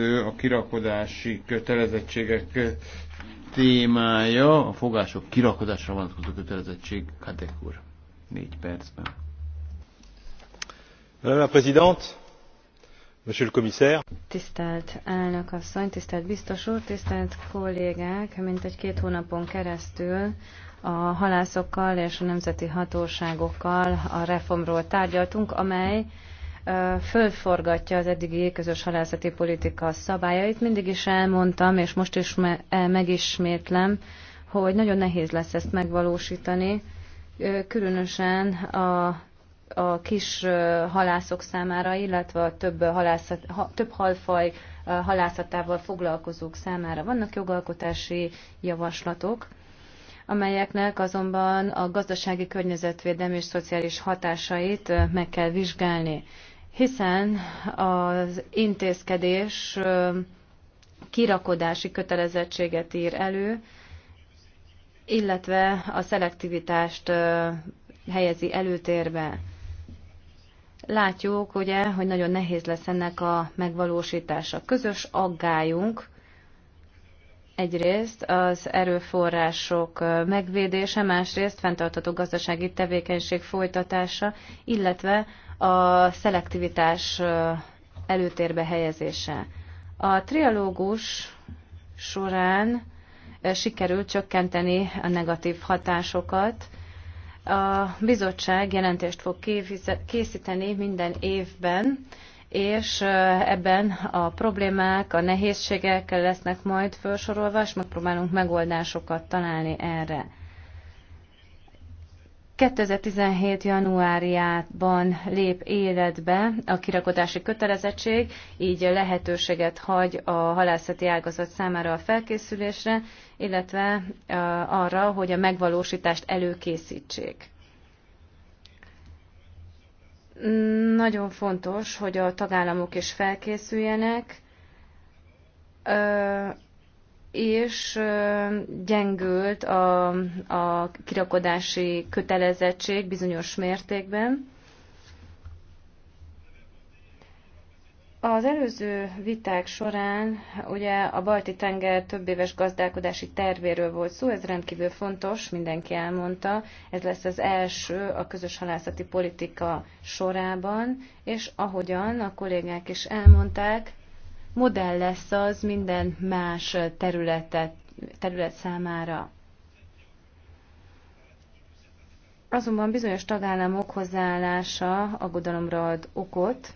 a kirakodási kötelezettségek témája, a fogások kirakodásra vonatkozó kötelezettség, Kadek úr, négy percben. Madame la Présidente, Monsieur le Commissaire. Tisztelt elnök asszony, tisztelt biztos úr, tisztelt kollégák, mint egy két hónapon keresztül a halászokkal és a nemzeti hatóságokkal a reformról tárgyaltunk, amely fölforgatja az eddigi közös halászati politika szabályait. Mindig is elmondtam, és most is e, megismétlem, hogy nagyon nehéz lesz ezt megvalósítani, különösen a a kis halászok számára, illetve a több, halászat, több halfaj halászatával foglalkozók számára. Vannak jogalkotási javaslatok, amelyeknek azonban a gazdasági környezetvédelmi és szociális hatásait meg kell vizsgálni hiszen az intézkedés kirakodási kötelezettséget ír elő, illetve a szelektivitást helyezi előtérbe. Látjuk ugye, hogy nagyon nehéz lesz ennek a megvalósítása. Közös aggályunk egyrészt az erőforrások megvédése, másrészt fenntartható gazdasági tevékenység folytatása, illetve a szelektivitás előtérbe helyezése. A trialógus során sikerült csökkenteni a negatív hatásokat. A bizottság jelentést fog készíteni minden évben, és ebben a problémák, a nehézségek lesznek majd felsorolva, és megpróbálunk megoldásokat találni erre. 2017. januárjában lép életbe a kirakodási kötelezettség, így lehetőséget hagy a halászati ágazat számára a felkészülésre, illetve arra, hogy a megvalósítást előkészítsék. Nagyon fontos, hogy a tagállamok is felkészüljenek és gyengült a, a kirakodási kötelezettség bizonyos mértékben. Az előző viták során ugye a balti tenger több éves gazdálkodási tervéről volt szó, ez rendkívül fontos, mindenki elmondta, ez lesz az első a közös halászati politika sorában, és ahogyan a kollégák is elmondták, modell lesz az minden más területet, terület számára. Azonban bizonyos tagállamok hozzáállása aggodalomra ad okot,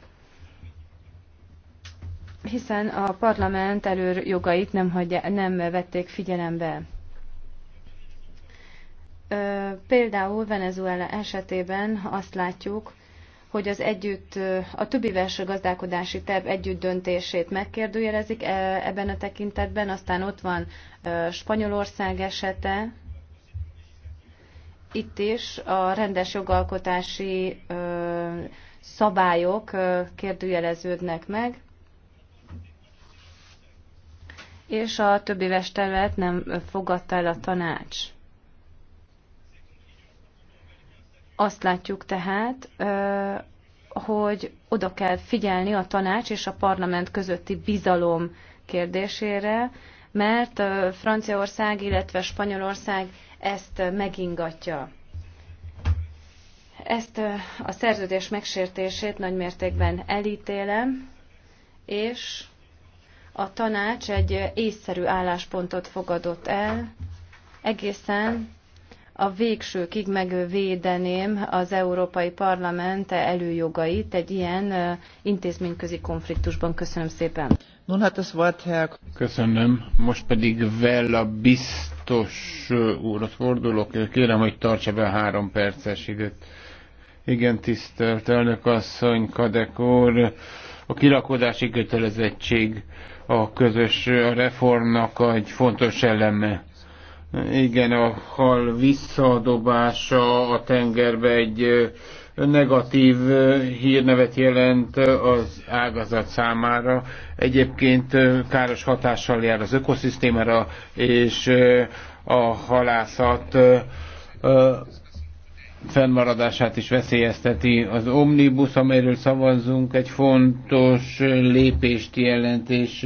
hiszen a parlament előr jogait nem, hagyja, nem vették figyelembe. például Venezuela esetében azt látjuk, hogy az együtt, a többi vers gazdálkodási terv együtt döntését megkérdőjelezik e, ebben a tekintetben, aztán ott van Spanyolország esete, itt is a rendes jogalkotási szabályok kérdőjeleződnek meg, és a többi éves nem fogadta el a tanács. Azt látjuk tehát, hogy oda kell figyelni a tanács és a parlament közötti bizalom kérdésére, mert Franciaország, illetve Spanyolország ezt megingatja. Ezt a szerződés megsértését nagymértékben elítélem, és a tanács egy észszerű álláspontot fogadott el egészen a végsőkig megvédeném az Európai Parlament előjogait egy ilyen intézményközi konfliktusban. Köszönöm szépen. Nun hat das Wort Herr... Köszönöm. Most pedig Vella biztos úrat fordulok. Kérem, hogy tartsa be három perces időt. Igen, tisztelt elnök asszony, Kadek úr. A kirakodási kötelezettség a közös reformnak egy fontos eleme igen, a hal visszadobása a tengerbe egy negatív hírnevet jelent az ágazat számára. Egyébként káros hatással jár az ökoszisztémára, és a halászat fennmaradását is veszélyezteti. Az omnibus, amelyről szavazzunk, egy fontos lépést jelent, és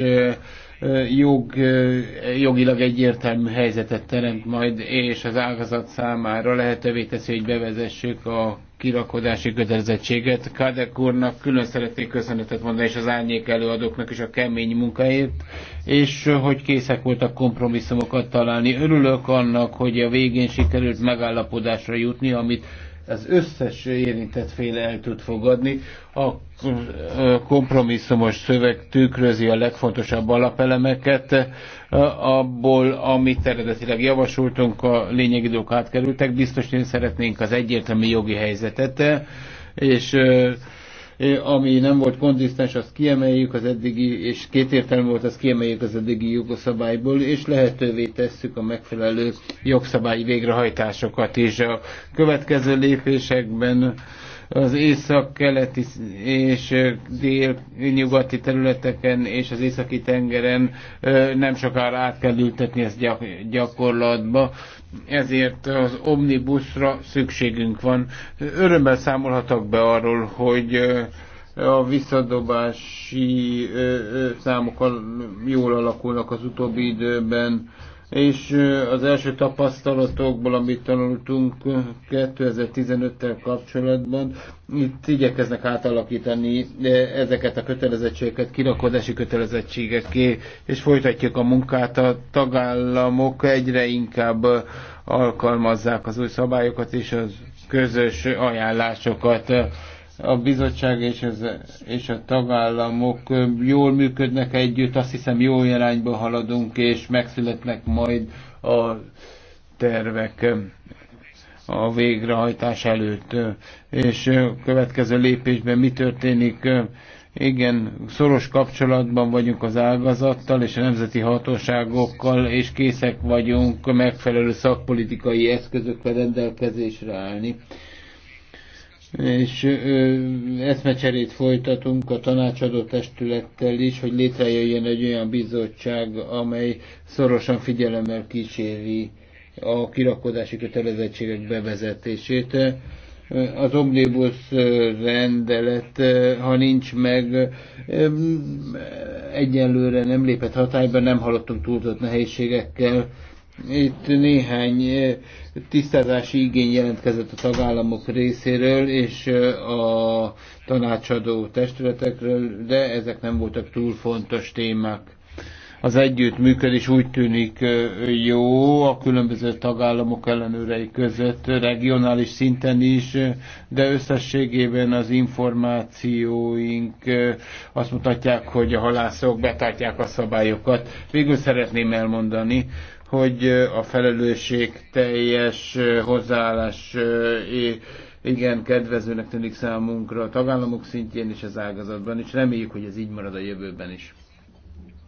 jog, jogilag egyértelmű helyzetet teremt majd, és az ágazat számára lehetővé teszi, hogy bevezessük a kirakodási kötelezettséget. Kadek úrnak külön szeretnék köszönetet mondani, és az árnyék előadóknak is a kemény munkáért, és hogy készek voltak kompromisszumokat találni. Örülök annak, hogy a végén sikerült megállapodásra jutni, amit az összes érintett fél el tud fogadni. A kompromisszumos szöveg tükrözi a legfontosabb alapelemeket, e, abból, amit eredetileg javasoltunk, a lényegi dolgok átkerültek. hogy szeretnénk az egyértelmű jogi helyzetet, e, és e, E, ami nem volt konzisztens, azt kiemeljük az eddigi, és kétértelmű volt, azt kiemeljük az eddigi jogszabályból, és lehetővé tesszük a megfelelő jogszabályi végrehajtásokat is. A következő lépésekben az észak-keleti és dél-nyugati területeken és az északi tengeren nem sokára át kell ültetni ezt gyakorlatba. Ezért az omnibusra szükségünk van. Örömmel számolhatok be arról, hogy a visszadobási számok jól alakulnak az utóbbi időben és az első tapasztalatokból, amit tanultunk 2015-tel kapcsolatban, itt igyekeznek átalakítani ezeket a kötelezettségeket, kirakodási kötelezettségeké, és folytatjuk a munkát. A tagállamok egyre inkább alkalmazzák az új szabályokat és az közös ajánlásokat a bizottság és, az, és a tagállamok jól működnek együtt, azt hiszem jó irányba haladunk, és megszületnek majd a tervek a végrehajtás előtt, és a következő lépésben mi történik. Igen, szoros kapcsolatban vagyunk az ágazattal és a nemzeti hatóságokkal, és készek vagyunk megfelelő szakpolitikai eszközökkel rendelkezésre állni és eszmecserét folytatunk a tanácsadó testülettel is, hogy létrejöjjön egy olyan bizottság, amely szorosan figyelemmel kíséri a kirakodási kötelezettségek bevezetését. Az omnibus rendelet, ha nincs meg, egyenlőre nem lépett hatályba, nem hallottunk túlzott nehézségekkel, itt néhány eh, tisztázási igény jelentkezett a tagállamok részéről és eh, a tanácsadó testületekről, de ezek nem voltak túl fontos témák. Az együttműködés úgy tűnik eh, jó a különböző tagállamok ellenőrei között, regionális szinten is, de összességében az információink azt mutatják, hogy a halászok betartják a szabályokat. Végül szeretném elmondani, hogy a felelősség teljes hozzáállás igen kedvezőnek tűnik számunkra a tagállamok szintjén és az ágazatban, és reméljük, hogy ez így marad a jövőben is.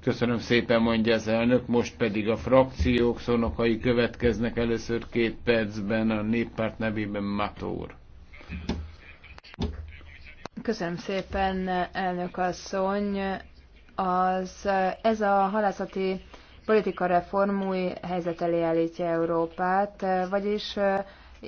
Köszönöm szépen, mondja az elnök. Most pedig a frakciók szónokai következnek először két percben a néppárt nevében Matór. Köszönöm szépen, elnök asszony. Az, ez a halászati politika reform új helyzet elé állítja Európát, eh, vagyis eh,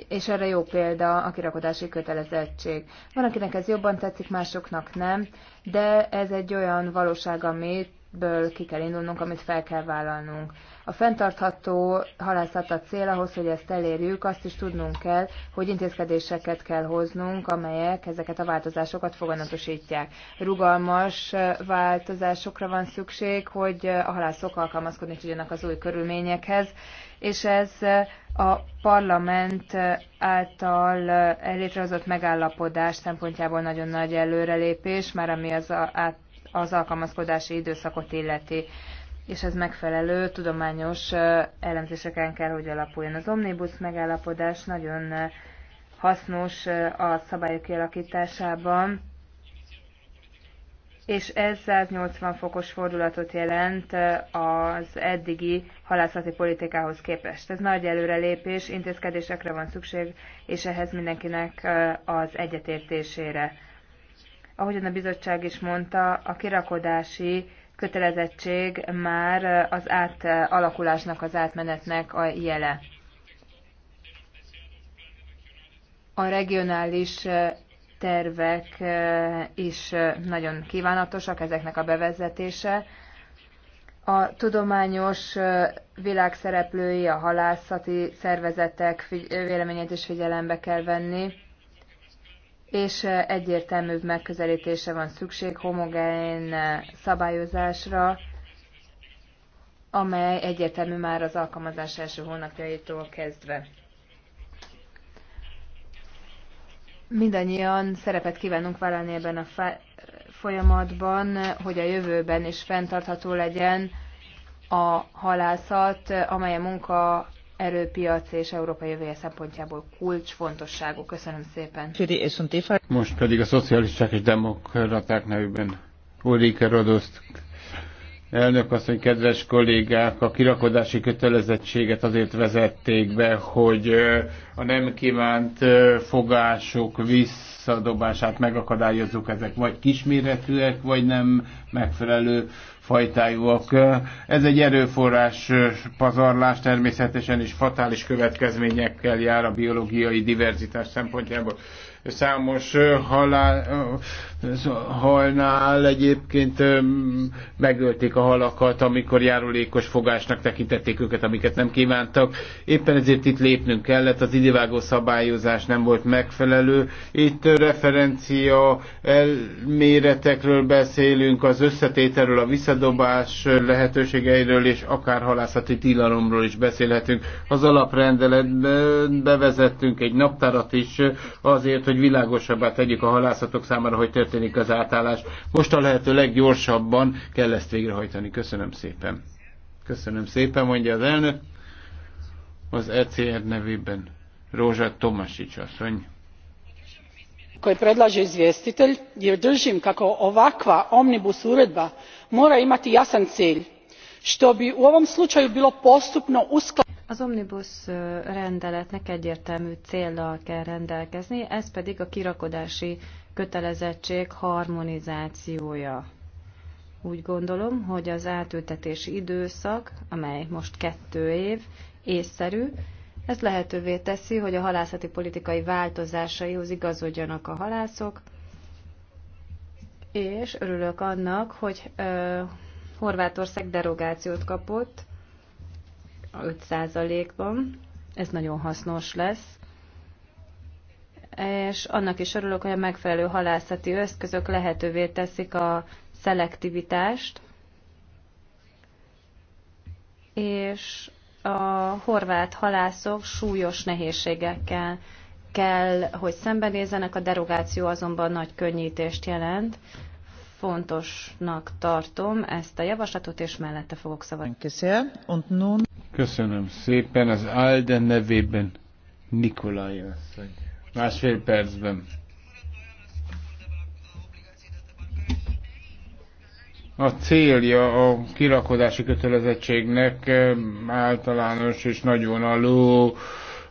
és erre jó példa a kirakodási kötelezettség. Van, akinek ez jobban tetszik, másoknak nem, de ez egy olyan valóság, amiből ki kell indulnunk, amit fel kell vállalnunk. A fenntartható halászat a cél ahhoz, hogy ezt elérjük, azt is tudnunk kell, hogy intézkedéseket kell hoznunk, amelyek ezeket a változásokat foganatosítják. Rugalmas változásokra van szükség, hogy a halászok alkalmazkodni tudjanak az új körülményekhez, és ez a parlament által létrehozott megállapodás szempontjából nagyon nagy előrelépés, már ami az, az alkalmazkodási időszakot illeti és ez megfelelő tudományos elemzéseken kell, hogy alapuljon. Az omnibus megállapodás nagyon hasznos a szabályok kialakításában, és ez 180 fokos fordulatot jelent az eddigi halászati politikához képest. Ez nagy előrelépés, intézkedésekre van szükség, és ehhez mindenkinek az egyetértésére. Ahogyan a bizottság is mondta, a kirakodási kötelezettség már az átalakulásnak, az átmenetnek a jele. A regionális tervek is nagyon kívánatosak, ezeknek a bevezetése. A tudományos világ szereplői, a halászati szervezetek véleményét is figyelembe kell venni és eh, egyértelműbb megközelítése van szükség homogén eh, szabályozásra, amely egyértelmű már az alkalmazás első hónapjaitól kezdve. Mindannyian szerepet kívánunk vállalni ebben a folyamatban, hogy a jövőben is fenntartható legyen a halászat, amely a munka erőpiac és Európa jövője szempontjából kulcsfontosságú. Köszönöm szépen. Most pedig a szocialisták és demokraták nevében Ulrike Rodoszt Elnök asszony, kedves kollégák, a kirakodási kötelezettséget azért vezették be, hogy a nem kívánt fogások vissza visszadobását megakadályozzuk, ezek vagy kisméretűek, vagy nem megfelelő fajtájúak. Ez egy erőforrás pazarlás természetesen, és fatális következményekkel jár a biológiai diverzitás szempontjából számos halál, halnál egyébként megölték a halakat, amikor járulékos fogásnak tekintették őket, amiket nem kívántak. Éppen ezért itt lépnünk kellett, az idővágó szabályozás nem volt megfelelő. Itt referencia elméretekről beszélünk, az összetételről, a visszadobás lehetőségeiről, és akár halászati tilalomról is beszélhetünk. Az alaprendeletben bevezettünk egy naptárat is azért, hogy hogy világosabbá tegyük a halászatok számára, hogy történik az átállás. Most a lehető leggyorsabban kell ezt végrehajtani. Köszönöm szépen. Köszönöm szépen, mondja az elnök. Az ECR nevében Rózsa Tomasics asszony koje predlaže izvjestitelj jer držim kako ovakva omnibus uredba mora imati jasan cilj što bi u ovom slučaju bilo postupno usklađeno. Az omnibus rendeletnek egyértelmű céllal kell rendelkezni, ez pedig a kirakodási kötelezettség harmonizációja. Úgy gondolom, hogy az átültetési időszak, amely most kettő év, észszerű, ez lehetővé teszi, hogy a halászati politikai változásaihoz igazodjanak a halászok, és örülök annak, hogy ö, Horvátország derogációt kapott, 5%-ban. Ez nagyon hasznos lesz. És annak is örülök, hogy a megfelelő halászati eszközök lehetővé teszik a szelektivitást, és a horvát halászok súlyos nehézségekkel kell, hogy szembenézzenek, a derogáció azonban nagy könnyítést jelent. Fontosnak tartom ezt a javaslatot, és mellette fogok szavazni. Köszönöm szépen. Az Alden nevében Nikolaj asszony. Másfél percben. A célja a kirakodási kötelezettségnek eh, általános és nagyon alul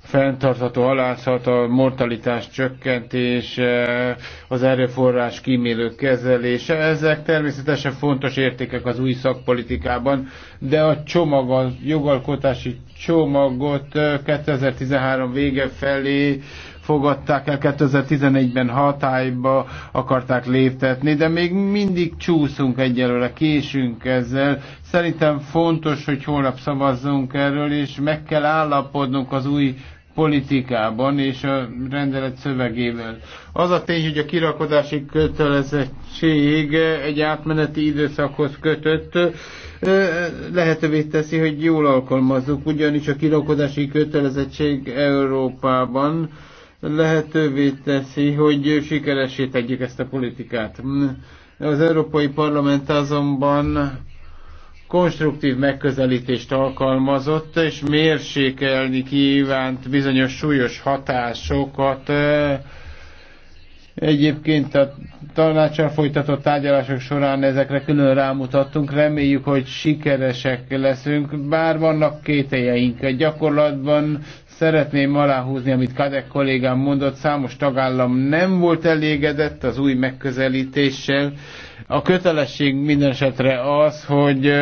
fenntartható halászat, a mortalitás csökkentése, az erőforrás kímélő kezelése. Ezek természetesen fontos értékek az új szakpolitikában, de a csomag, a jogalkotási csomagot 2013 vége felé fogadták el, 2011-ben hatályba akarták léptetni, de még mindig csúszunk egyelőre, késünk ezzel. Szerintem fontos, hogy holnap szavazzunk erről, és meg kell állapodnunk az új politikában és a rendelet szövegével. Az a tény, hogy a kirakodási kötelezettség egy átmeneti időszakhoz kötött, lehetővé teszi, hogy jól alkalmazzuk, ugyanis a kirakodási kötelezettség Európában lehetővé teszi, hogy sikeressé tegyük ezt a politikát. Az Európai Parlament azonban konstruktív megközelítést alkalmazott, és mérsékelni kívánt bizonyos súlyos hatásokat. Egyébként a tanácsal folytatott tárgyalások során ezekre külön rámutattunk, reméljük, hogy sikeresek leszünk, bár vannak kételjeink. Gyakorlatban Szeretném aláhúzni, amit Kadek kollégám mondott, számos tagállam nem volt elégedett az új megközelítéssel. A kötelesség minden esetre az, hogy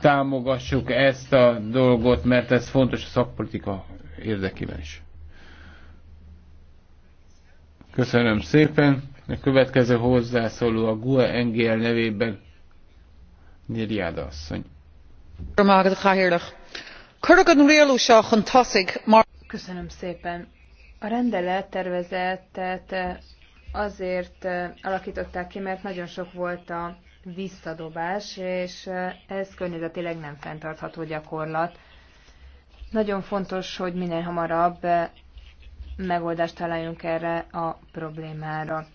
támogassuk ezt a dolgot, mert ez fontos a szakpolitika érdekében is. Köszönöm szépen. A következő hozzászóló a GUE NGL nevében Nyíriáda asszony. Köszönöm, Köszönöm szépen. A rendelet tervezettet eh, azért eh, alakították ki, mert nagyon sok volt a visszadobás, és eh, ez környezetileg nem fenntartható gyakorlat. Nagyon fontos, hogy minél hamarabb megoldást találjunk erre a problémára.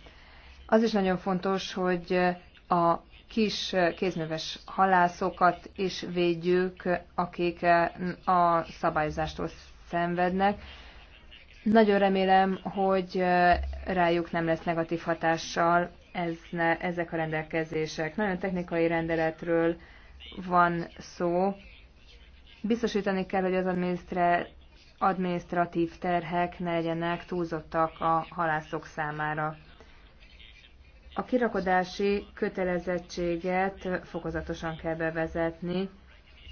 Az is nagyon fontos, hogy a kis kézműves halászokat is védjük, akik a szabályozástól szenvednek. Nagyon remélem, hogy rájuk nem lesz negatív hatással ez ne, ezek a rendelkezések. Nagyon technikai rendeletről van szó. Biztosítani kell, hogy az adminisztre, adminisztratív terhek ne legyenek túlzottak a halászok számára. A kirakodási kötelezettséget fokozatosan kell bevezetni,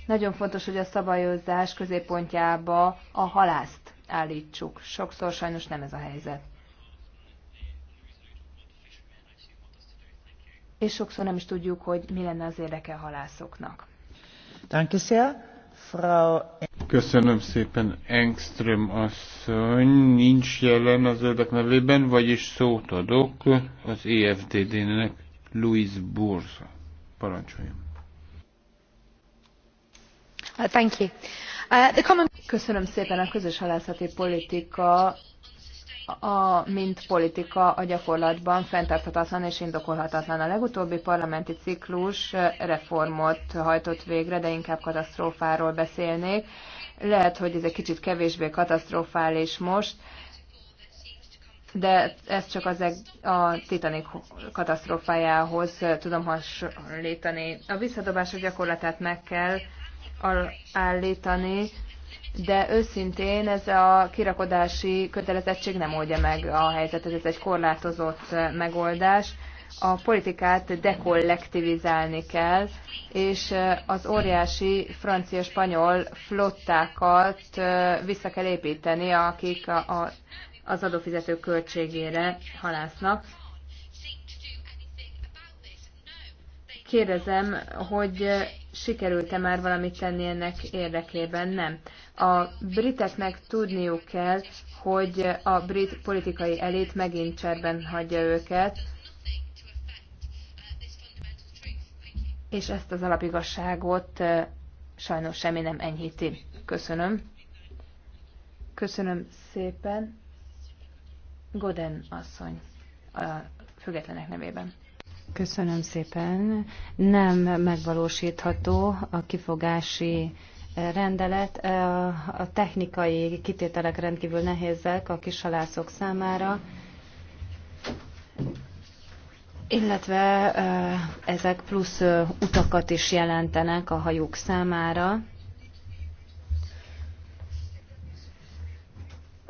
nagyon fontos, hogy a szabályozás középpontjába a halászt állítsuk. Sokszor sajnos nem ez a helyzet. És sokszor nem is tudjuk, hogy mi lenne az érdeke a halászoknak. Köszönöm szépen, Engström asszony. Nincs jelen az öldek nevében, vagyis szót adok az EFDD-nek, Louis Bourza. Parancsoljon. Uh, uh, Köszönöm szépen a közös halászati politika mint politika a gyakorlatban fenntarthatatlan és indokolhatatlan. A legutóbbi parlamenti ciklus uh, reformot hajtott végre, de inkább katasztrófáról beszélnék. Lehet, hogy ez egy kicsit kevésbé katasztrofális most, de ezt csak az a Titanic katasztrófájához tudom hasonlítani. A visszadobások gyakorlatát meg kell állítani, de őszintén ez a kirakodási kötelezettség nem oldja meg a helyzetet, ez egy korlátozott megoldás. A politikát dekollektivizálni kell, és az óriási francia-spanyol flottákat vissza kell építeni, akik a, a, az adófizetők költségére halásznak. Kérdezem, hogy sikerült-e már valamit tenni ennek érdekében? Nem. A briteknek tudniuk kell, hogy a brit politikai elit megint cserben hagyja őket, és ezt az alapigasságot sajnos semmi nem enyhíti. Köszönöm. Köszönöm szépen. Goden asszony a függetlenek nevében. Köszönöm szépen. Nem megvalósítható a kifogási rendelet. A technikai kitételek rendkívül nehézek a kisalászok számára, illetve ezek plusz utakat is jelentenek a hajók számára.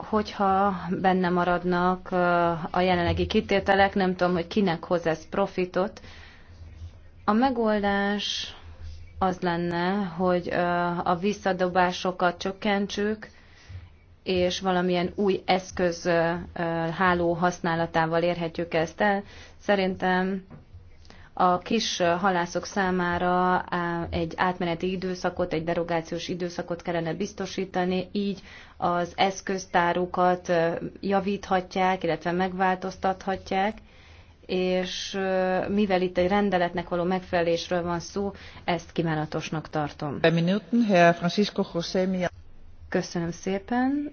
hogyha benne maradnak a jelenlegi kitételek, nem tudom, hogy kinek hoz ez profitot. A megoldás az lenne, hogy a visszadobásokat csökkentsük, és valamilyen új eszköz háló használatával érhetjük ezt el. Szerintem a kis halászok számára egy átmeneti időszakot, egy derogációs időszakot kellene biztosítani, így az eszköztárukat javíthatják, illetve megváltoztathatják, és mivel itt egy rendeletnek való megfelelésről van szó, ezt kívánatosnak tartom. Köszönöm szépen.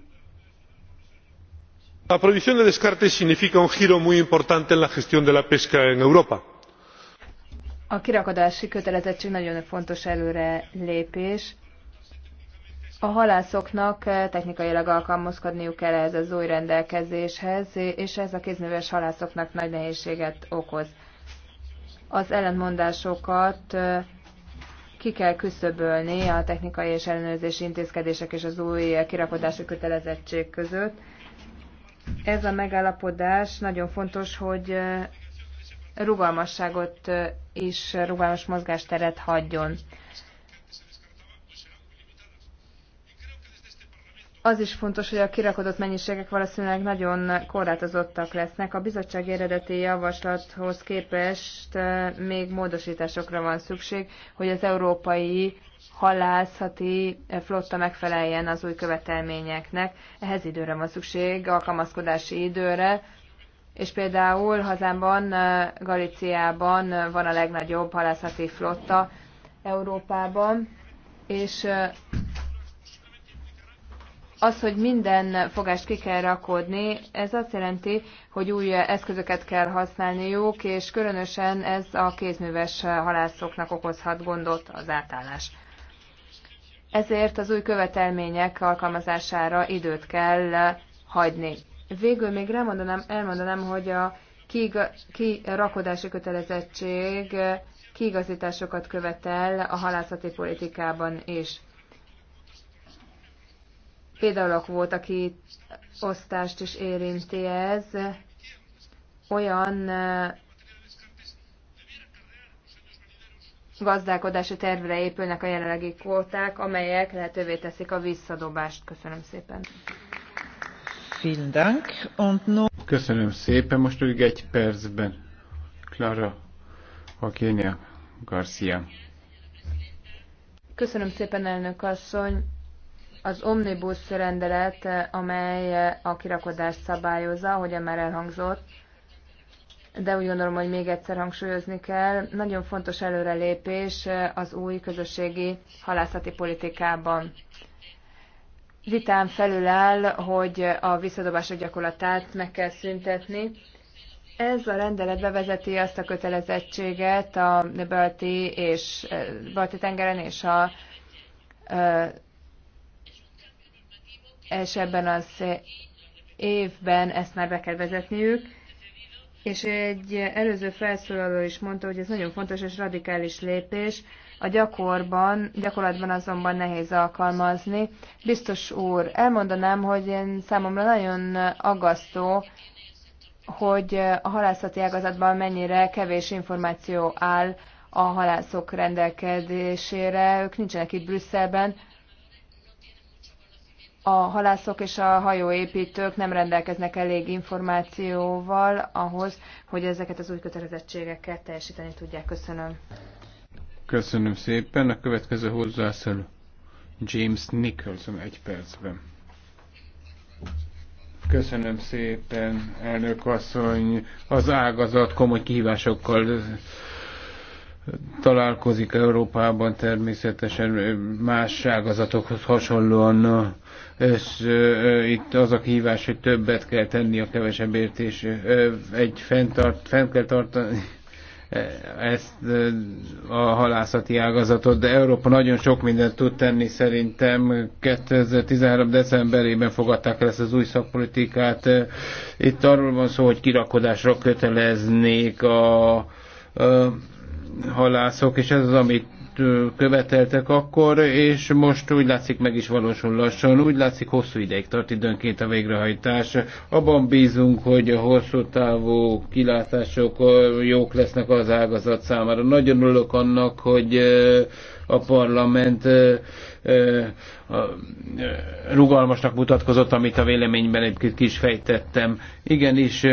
La prohibición de descarte significa un giro muy importante en la gestión de la pesca en Europa a kirakadási kötelezettség nagyon fontos előre lépés. A halászoknak eh, technikailag alkalmazkodniuk kell ez az új rendelkezéshez, és ez a kézműves halászoknak nagy nehézséget okoz. Az ellentmondásokat eh, ki kell küszöbölni a technikai és ellenőrzési intézkedések és az új kirakodási kötelezettség között. Ez a megállapodás nagyon fontos, hogy eh, rugalmasságot és rugalmas mozgásteret hagyjon. Az is fontos, hogy a kirakodott mennyiségek valószínűleg nagyon korlátozottak lesznek. A bizottság eredeti javaslathoz képest még módosításokra van szükség, hogy az európai halászati flotta megfeleljen az új követelményeknek. Ehhez időre van szükség, alkalmazkodási időre, és például hazámban, Galiciában van a legnagyobb halászati flotta Európában, és az, hogy minden fogást ki kell rakodni, ez azt jelenti, hogy új eszközöket kell használniuk, és különösen ez a kézműves halászoknak okozhat gondot az átállás. Ezért az új követelmények alkalmazására időt kell hagyni. Végül még elmondanám, elmondanám, hogy a kirakodási kötelezettség kiigazításokat követel a halászati politikában is. Például a aki osztást is érinti ez, olyan gazdálkodási tervre épülnek a jelenlegi kvóták, amelyek lehetővé teszik a visszadobást. Köszönöm szépen. Köszönöm szépen, most úgy egy percben. Clara Joaquinia Garcia. Köszönöm szépen, elnök asszony. Az omnibus rendelet, amely a kirakodást szabályozza, ahogyan már elhangzott, de úgy gondolom, hogy még egyszer hangsúlyozni kell, nagyon fontos előrelépés az új közösségi halászati politikában vitán felül áll, hogy a visszadobása gyakorlatát meg kell szüntetni. Ez a rendelet bevezeti azt a kötelezettséget a balti és balti tengeren és a és ebben az évben ezt már be kell vezetniük. És egy előző felszólaló is mondta, hogy ez nagyon fontos és radikális lépés, a gyakorban, gyakorlatban azonban nehéz alkalmazni. Biztos úr, elmondanám, hogy én számomra nagyon aggasztó, hogy a halászati ágazatban mennyire kevés információ áll a halászok rendelkezésére. Ők nincsenek itt Brüsszelben. A halászok és a hajóépítők nem rendelkeznek elég információval ahhoz, hogy ezeket az új kötelezettségeket teljesíteni tudják. Köszönöm. Köszönöm szépen. A következő hozzászól James Nicholson egy percben. Köszönöm szépen, elnök asszony. Az ágazat komoly kihívásokkal találkozik Európában természetesen más ágazatokhoz hasonlóan, és itt az a kihívás, hogy többet kell tenni a kevesebb értés. egy fenntart, fent kell tartani ezt a halászati ágazatot, de Európa nagyon sok mindent tud tenni szerintem. 2013. decemberében fogadták el ezt az új szakpolitikát. Itt arról van szó, hogy kirakodásra köteleznék a, a halászok, és ez az, amit követeltek akkor, és most úgy látszik meg is valósul lassan, úgy látszik hosszú ideig tart időnként a végrehajtás. Abban bízunk, hogy a hosszú távú kilátások jók lesznek az ágazat számára. Nagyon örülök annak, hogy a parlament rugalmasnak mutatkozott, amit a véleményben egy kis fejtettem. Igenis,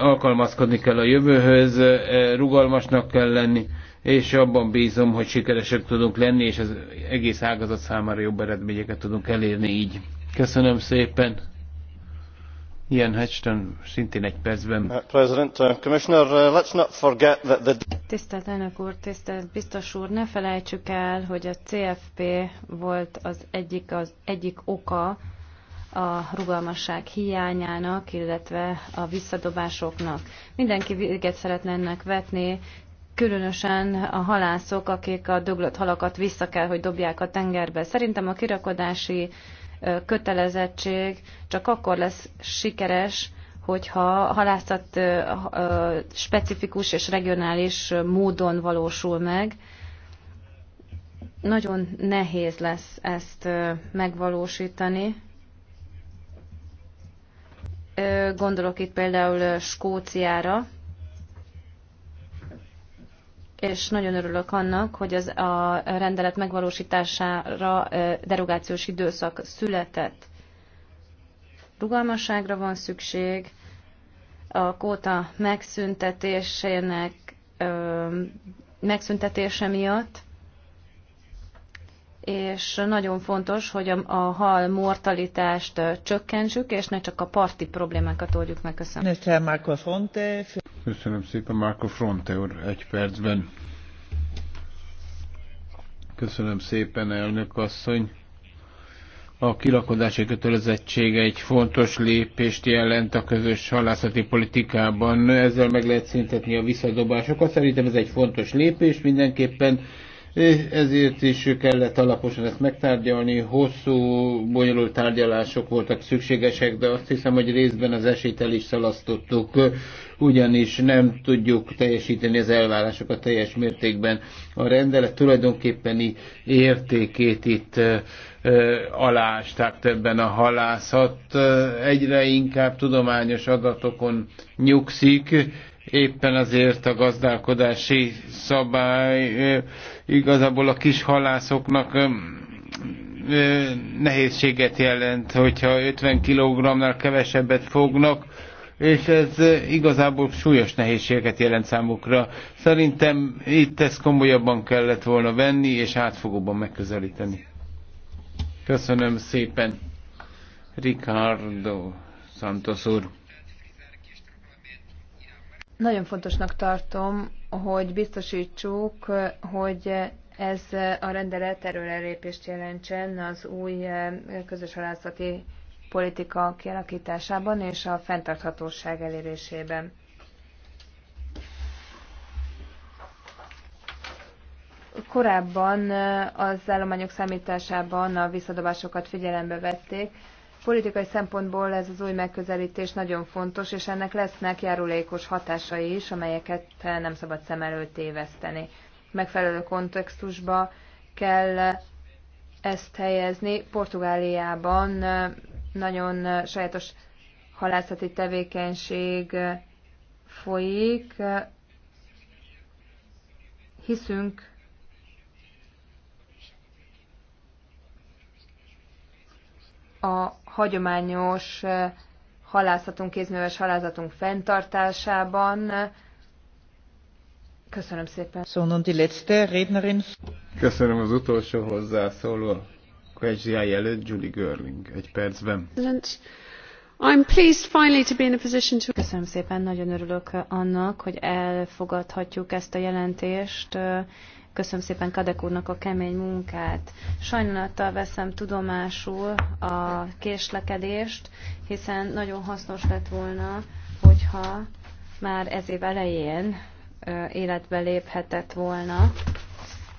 alkalmazkodni kell a jövőhöz, rugalmasnak kell lenni és abban bízom, hogy sikeresek tudunk lenni, és az egész ágazat számára jobb eredményeket tudunk elérni így. Köszönöm szépen. Ilyen Hedgeston szintén egy percben. Uh, President, uh, Commissioner, uh, let's not forget that the... Tisztelt elnök úr, tisztelt biztos úr, ne felejtsük el, hogy a CFP volt az egyik, az egyik oka a rugalmasság hiányának, illetve a visszadobásoknak. Mindenki véget szeretne ennek vetni, különösen a halászok, akik a döglött halakat vissza kell, hogy dobják a tengerbe. Szerintem a kirakodási kötelezettség csak akkor lesz sikeres, hogyha halászat specifikus és regionális módon valósul meg. Nagyon nehéz lesz ezt megvalósítani. Gondolok itt például Skóciára, és nagyon örülök annak, hogy az a rendelet megvalósítására derogációs időszak született. Rugalmasságra van szükség, a kóta megszüntetésének megszüntetése miatt, és nagyon fontos, hogy a, a hal mortalitást csökkentsük, és ne csak a parti problémákat oldjuk meg. Köszönöm. Köszönöm szépen, Márko Fronte úr, egy percben. Köszönöm szépen, elnök asszony. A kilakodási kötelezettség egy fontos lépést jelent a közös halászati politikában. Ezzel meg lehet szüntetni a visszadobásokat. Szerintem ez egy fontos lépés mindenképpen. Ezért is kellett alaposan ezt megtárgyalni. Hosszú, bonyolult tárgyalások voltak szükségesek, de azt hiszem, hogy részben az esélyt el is szalasztottuk ugyanis nem tudjuk teljesíteni az elvárásokat teljes mértékben. A rendelet tulajdonképpeni értékét itt alásták többen a halászat. Egyre inkább tudományos adatokon nyugszik, éppen azért a gazdálkodási szabály igazából a kis halászoknak nehézséget jelent, hogyha 50 kg-nál kevesebbet fognak, és ez eh, igazából súlyos nehézségeket jelent számukra. Szerintem itt ezt komolyabban kellett volna venni, és átfogóban megközelíteni. Köszönöm szépen, Ricardo Santos úr. Nagyon fontosnak tartom, hogy biztosítsuk, hogy ez a rendelet erőrelépést jelentsen az új eh, közös halászati politika kialakításában és a fenntarthatóság elérésében. Korábban eh, az állományok számításában a visszadobásokat figyelembe vették. Politikai szempontból ez az új megközelítés nagyon fontos, és ennek lesznek járulékos hatásai is, amelyeket nem szabad szem előtt téveszteni. Megfelelő kontextusba kell ezt helyezni. Portugáliában eh, nagyon sajátos halászati tevékenység folyik. Hiszünk a hagyományos halászatunk, kézműves halászatunk fenntartásában. Köszönöm szépen. Köszönöm az utolsó hozzászóló ziáj előtt Julie Görling egy percben. I'm pleased finally to be in a position to... Köszönöm szépen, nagyon örülök annak, hogy elfogadhatjuk ezt a jelentést. Köszönöm szépen Kadek úrnak a kemény munkát. Sajnálattal veszem tudomásul a késlekedést, hiszen nagyon hasznos lett volna, hogyha már ez év elején életbe léphetett volna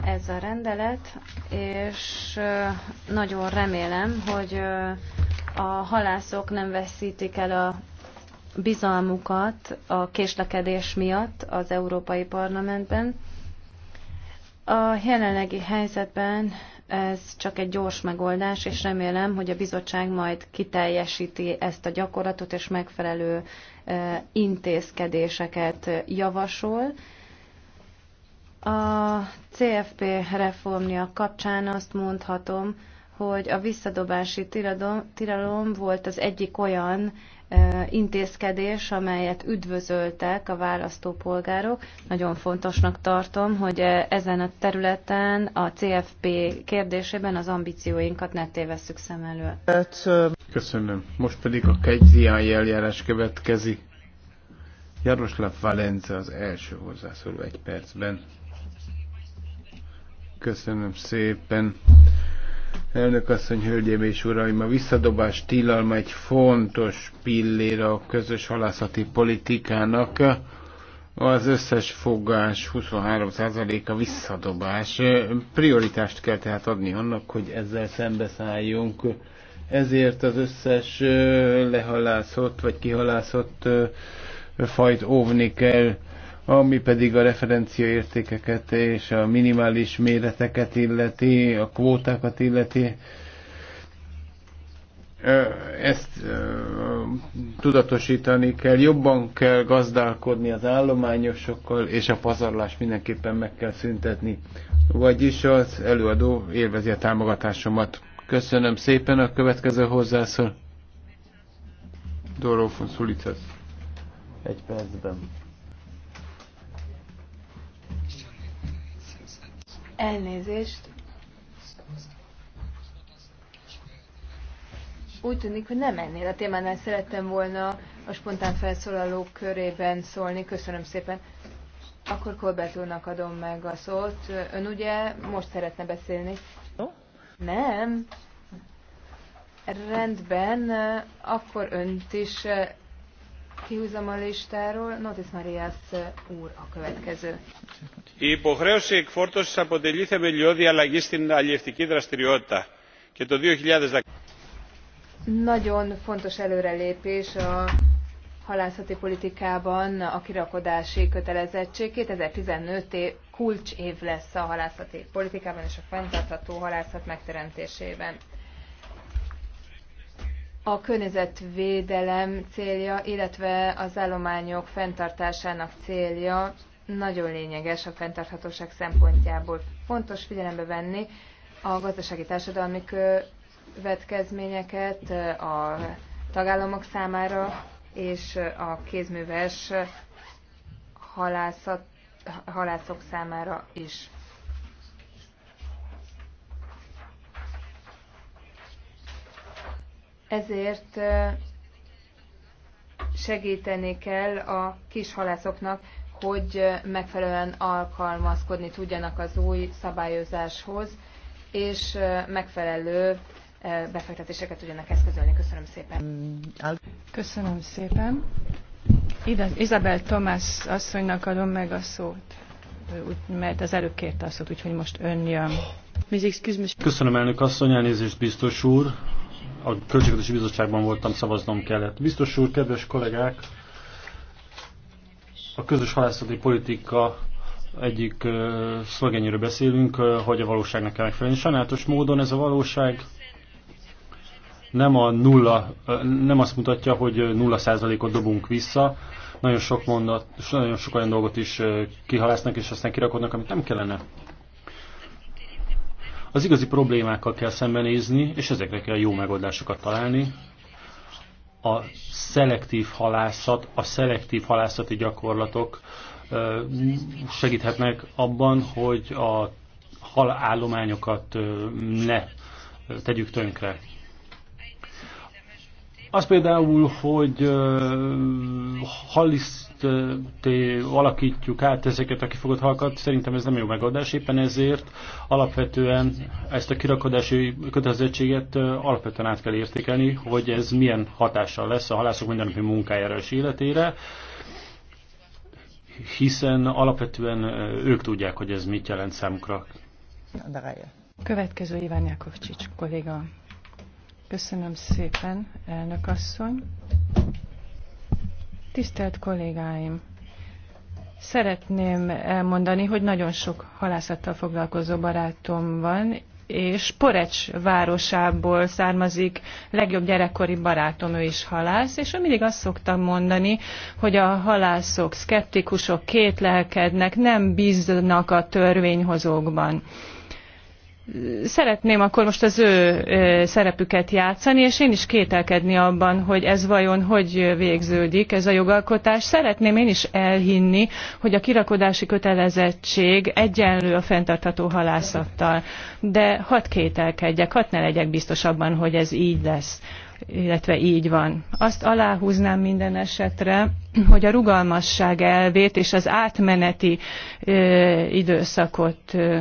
ez a rendelet, és nagyon remélem, hogy a halászok nem veszítik el a bizalmukat a késlekedés miatt az Európai Parlamentben. A jelenlegi helyzetben ez csak egy gyors megoldás, és remélem, hogy a bizottság majd kiteljesíti ezt a gyakorlatot, és megfelelő intézkedéseket javasol a CFP reformja kapcsán azt mondhatom, hogy a visszadobási tiradom, tilalom volt az egyik olyan intézkedés, amelyet üdvözöltek a választópolgárok. Nagyon fontosnak tartom, hogy ezen a területen a CFP kérdésében az ambícióinkat ne tévesszük szem elől. Köszönöm. Most pedig a kegyziai eljárás következik. Jaroslav Valence az első hozzászóló egy percben. Köszönöm szépen. Elnök asszony, hölgyeim és uraim, a visszadobás tilalma egy fontos pillér a közös halászati politikának. Az összes fogás 23%-a visszadobás. Prioritást kell tehát adni annak, hogy ezzel szembeszálljunk. Ezért az összes lehalászott vagy kihalászott fajt óvni kell ami pedig a referenciaértékeket és a minimális méreteket illeti, a kvótákat illeti, ezt tudatosítani kell, jobban kell gazdálkodni az állományosokkal, és a pazarlás mindenképpen meg kell szüntetni. Vagyis az előadó élvezi a támogatásomat. Köszönöm szépen a következő hozzászól. Dorófon Szulicasz. Egy percben. Elnézést. Úgy tűnik, hogy nem ennél a témánál szerettem volna a spontán felszólalók körében szólni. Köszönöm szépen. Akkor Colbert úrnak adom meg a szót. Ön ugye most szeretne beszélni? No? Nem. Rendben, akkor önt is kihúzom a listáról. Notis Marias úr a következő. Η υποχρέωση εκφόρτωσης αποτελεί θεμελιώδη αλλαγή στην αλλιευτική δραστηριότητα και το 2010. Nagyon fontos előrelépés a halászati politikában a kirakodási kötelezettség. 2015 év, kulcsév lesz a halászati politikában és a fenntartható halászat megteremtésében a környezetvédelem célja, illetve az állományok fenntartásának célja nagyon lényeges a fenntarthatóság szempontjából. Fontos figyelembe venni a gazdasági társadalmi következményeket a tagállamok számára és a kézműves halászat, halászok számára is. Ezért segíteni kell a kis halászoknak, hogy megfelelően alkalmazkodni tudjanak az új szabályozáshoz, és megfelelő befektetéseket tudjanak eszközölni. Köszönöm szépen. Köszönöm szépen. Ide, Izabel Tomás asszonynak adom meg a szót, mert az előbb kérte a szót, úgyhogy most ön jön. Köszönöm elnök asszony, elnézést biztos úr a Költségvetési Bizottságban voltam, szavaznom kellett. Biztos úr, kedves kollégák, a közös halászati politika egyik uh, szlogenjéről beszélünk, uh, hogy a valóságnak kell megfelelni. Sajnálatos módon ez a valóság nem a nulla, uh, nem azt mutatja, hogy nulla százalékot dobunk vissza, nagyon sok mondat, nagyon sok olyan dolgot is uh, kihalásznak, és aztán kirakodnak, amit nem kellene. Az igazi problémákkal kell szembenézni, és ezekre kell jó megoldásokat találni. A szelektív halászat, a szelektív halászati gyakorlatok segíthetnek abban, hogy a halállományokat ne tegyük tönkre. Az például, hogy halis te hát, alakítjuk át ezeket a kifogott halkat, szerintem ez nem jó megoldás, éppen ezért alapvetően ezt a kirakodási kötelezettséget alapvetően át kell értékelni, hogy ez milyen hatással lesz a halászok mindennapi munkájára és életére, hiszen alapvetően ők tudják, hogy ez mit jelent számukra. Következő Iván Jakovcsics kolléga. Köszönöm szépen, elnök asszony. Tisztelt kollégáim! Szeretném elmondani, hogy nagyon sok halászattal foglalkozó barátom van, és Porecs városából származik legjobb gyerekkori barátom, ő is halász, és ő mindig azt szoktam mondani, hogy a halászok, szkeptikusok kétlelkednek, nem bíznak a törvényhozókban szeretném akkor most az ő szerepüket játszani, és én is kételkedni abban, hogy ez vajon hogy végződik ez a jogalkotás. Szeretném én is elhinni, hogy a kirakodási kötelezettség egyenlő a fenntartható halászattal. De hadd kételkedjek, hadd ne legyek biztos abban, hogy ez így lesz illetve így van. Azt aláhúznám minden esetre, hogy a rugalmasság elvét és az átmeneti ö, időszakot ö,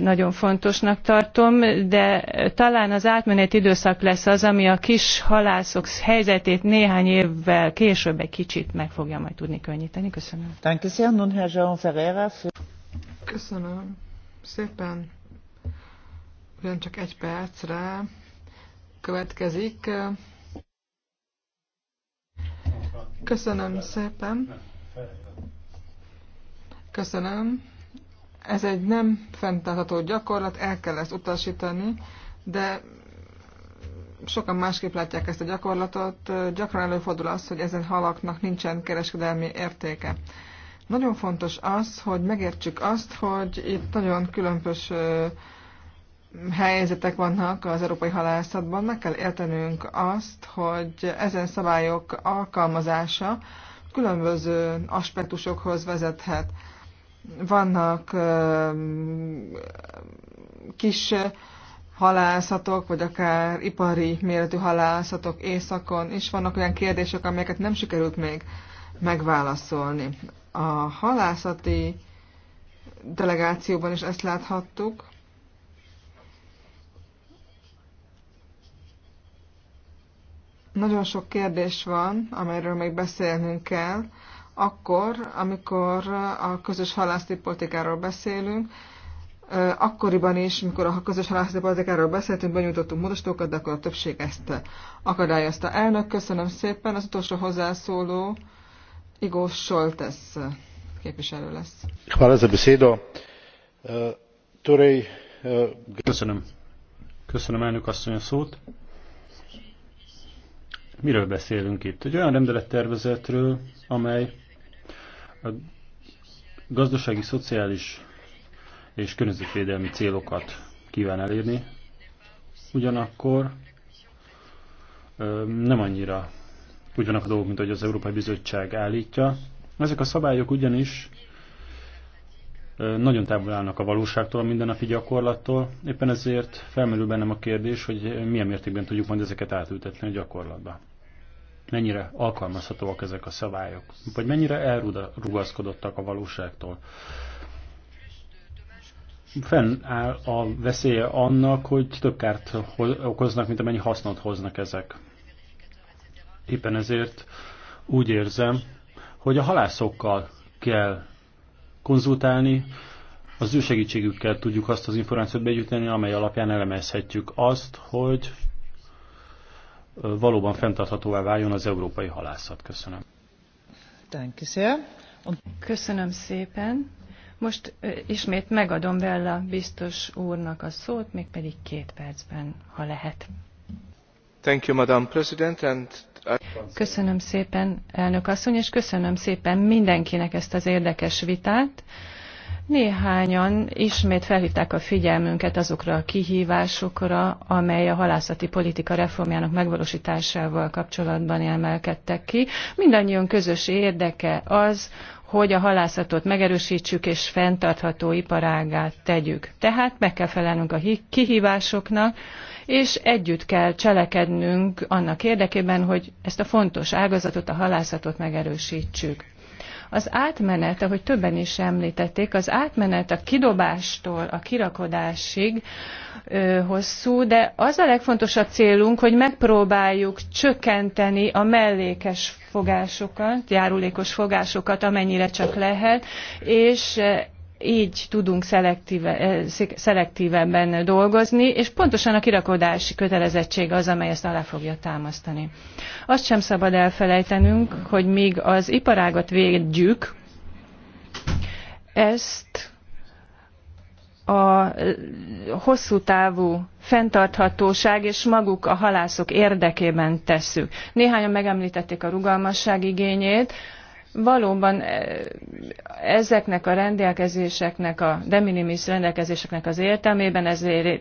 nagyon fontosnak tartom, de talán az átmeneti időszak lesz az, ami a kis halászok helyzetét néhány évvel később egy kicsit meg fogja majd tudni könnyíteni. Köszönöm. Köszönöm szépen. Ugyan csak egy percre következik. Köszönöm szépen. Köszönöm. Ez egy nem fenntartható gyakorlat, el kell ezt utasítani, de sokan másképp látják ezt a gyakorlatot. Gyakran előfordul az, hogy ezen halaknak nincsen kereskedelmi értéke. Nagyon fontos az, hogy megértsük azt, hogy itt nagyon különböző helyzetek vannak az európai halászatban, meg kell értenünk azt, hogy ezen szabályok alkalmazása különböző aspektusokhoz vezethet. Vannak kis halászatok, vagy akár ipari méretű halászatok északon, és vannak olyan kérdések, amelyeket nem sikerült még megválaszolni. A halászati delegációban is ezt láthattuk, Nagyon sok kérdés van, amelyről még beszélnünk kell, akkor, amikor a közös halászti politikáról beszélünk, akkoriban is, mikor a közös halászati politikáról beszéltünk, benyújtottunk módosítókat, de akkor a többség ezt akadályozta. Elnök, köszönöm szépen. Az utolsó hozzászóló Igó Soltes képviselő lesz. Hvala za besedo. Torej, köszönöm. Köszönöm elnök asszony a szót. Miről beszélünk itt? Egy olyan rendelettervezetről, amely a gazdasági, szociális és környezetvédelmi célokat kíván elérni, ugyanakkor nem annyira úgy vannak a dolgok, mint ahogy az Európai Bizottság állítja. Ezek a szabályok ugyanis nagyon távol állnak a valóságtól, a mindennapi gyakorlattól, éppen ezért felmerül bennem a kérdés, hogy milyen mértékben tudjuk majd ezeket átültetni a gyakorlatba mennyire alkalmazhatóak ezek a szabályok, vagy mennyire elrugaszkodottak a valóságtól. Fennáll a veszélye annak, hogy több kárt okoznak, mint amennyi hasznot hoznak ezek. Éppen ezért úgy érzem, hogy a halászokkal kell konzultálni, az ő segítségükkel tudjuk azt az információt begyűjteni, amely alapján elemezhetjük azt, hogy valóban fenntarthatóvá váljon az európai halászat. Köszönöm. Köszönöm szépen. Most ismét megadom Bella biztos úrnak a szót, mégpedig két percben, ha lehet. Thank you, Madam President, and Köszönöm szépen, elnök asszony, és köszönöm szépen mindenkinek ezt az érdekes vitát. Néhányan ismét felhívták a figyelmünket azokra a kihívásokra, amely a halászati politika reformjának megvalósításával kapcsolatban emelkedtek ki. Mindannyian közös érdeke az, hogy a halászatot megerősítsük és fenntartható iparágát tegyük. Tehát meg kell felelnünk a kihívásoknak, és együtt kell cselekednünk annak érdekében, hogy ezt a fontos ágazatot, a halászatot megerősítsük. Az átmenet, ahogy többen is említették, az átmenet a kidobástól a kirakodásig ö, hosszú, de az a legfontosabb célunk, hogy megpróbáljuk csökkenteni a mellékes fogásokat, járulékos fogásokat, amennyire csak lehet, és így tudunk szelektíve, eh, szelektívebben dolgozni, és pontosan a kirakodási kötelezettség az, amely ezt alá fogja támasztani. Azt sem szabad elfelejtenünk, hogy míg az iparágat védjük, ezt a eh, hosszú távú fenntarthatóság és maguk a halászok érdekében tesszük. Néhányan megemlítették a rugalmasság igényét, valóban e, ezeknek a rendelkezéseknek, a de minimis rendelkezéseknek az értelmében ez e,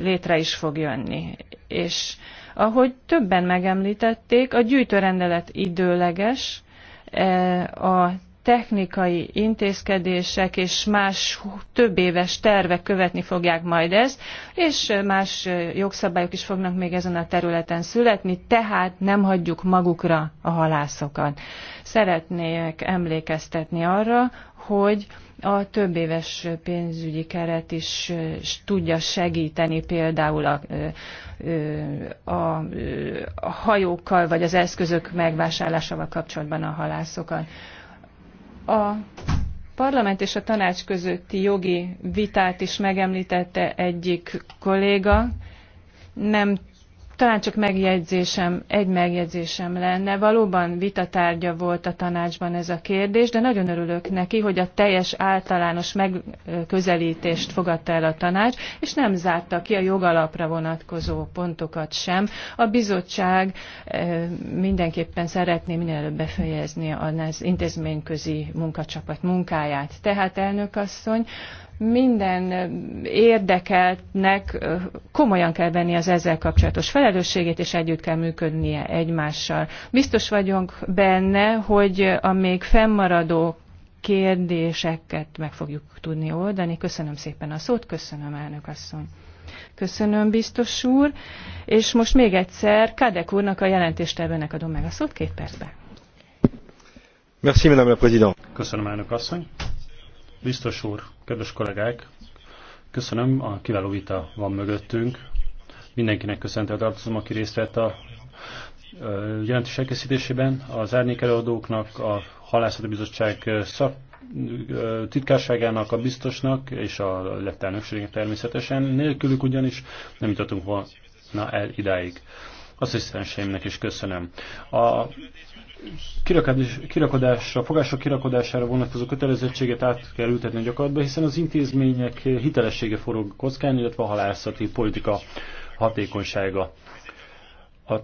létre is fog jönni. És ahogy többen megemlítették, a gyűjtőrendelet időleges, e, a technikai intézkedések és más több éves tervek követni fogják majd ezt, és más jogszabályok is fognak még ezen a területen születni, tehát nem hagyjuk magukra a halászokat. Szeretnék emlékeztetni arra, hogy a több éves pénzügyi keret is tudja segíteni például a, a, a hajókkal vagy az eszközök megvásárlásával kapcsolatban a halászokat. A parlament és a tanács közötti jogi vitát is megemlítette egyik kolléga. Nem talán csak megjegyzésem, egy megjegyzésem lenne. Valóban vitatárgya volt a tanácsban ez a kérdés, de nagyon örülök neki, hogy a teljes általános megközelítést fogadta el a tanács, és nem zárta ki a jogalapra vonatkozó pontokat sem. A bizottság eh, mindenképpen szeretné minél előbb befejezni az intézményközi munkacsapat munkáját. Tehát elnök asszony, minden érdekeltnek komolyan kell venni az ezzel kapcsolatos felelősségét, és együtt kell működnie egymással. Biztos vagyunk benne, hogy a még fennmaradó kérdéseket meg fogjuk tudni oldani. Köszönöm szépen a szót, köszönöm elnök asszony. Köszönöm, biztos úr. És most még egyszer Kadek úrnak a jelentéstevőnek adom meg a szót két percben. Merci, madame la présidente. Köszönöm, elnök asszony. Biztos úr, Kedves kollégák, köszönöm, a kiváló vita van mögöttünk. Mindenkinek köszöntel tartozom, aki részt vett a jelentés elkészítésében. Az árnyék előadóknak, a Halászati Bizottság szak titkárságának, a biztosnak és a lett természetesen. Nélkülük ugyanis nem jutottunk volna el idáig asszisztenseimnek is köszönöm. A kirakodásra, fogások kirakodására vonatkozó kötelezettséget át kell ültetni a gyakorlatba, hiszen az intézmények hitelessége forog kockán, illetve a halászati politika hatékonysága. A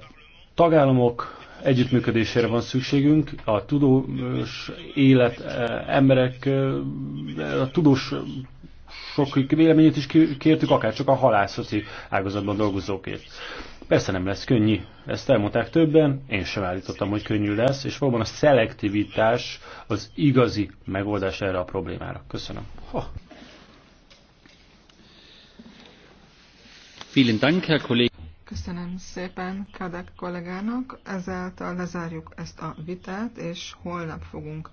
tagállamok együttműködésére van szükségünk, a tudós élet, e, emberek, e, a tudós sok véleményét is kértük, akár csak a halászati ágazatban dolgozókért. Persze nem lesz könnyű, ezt elmondták többen, én sem állítottam, hogy könnyű lesz, és valóban a szelektivitás az igazi megoldás erre a problémára. Köszönöm. Ha. Vielen Dank, Köszönöm szépen Kadek kollégának, ezáltal lezárjuk ezt a vitát, és holnap fogunk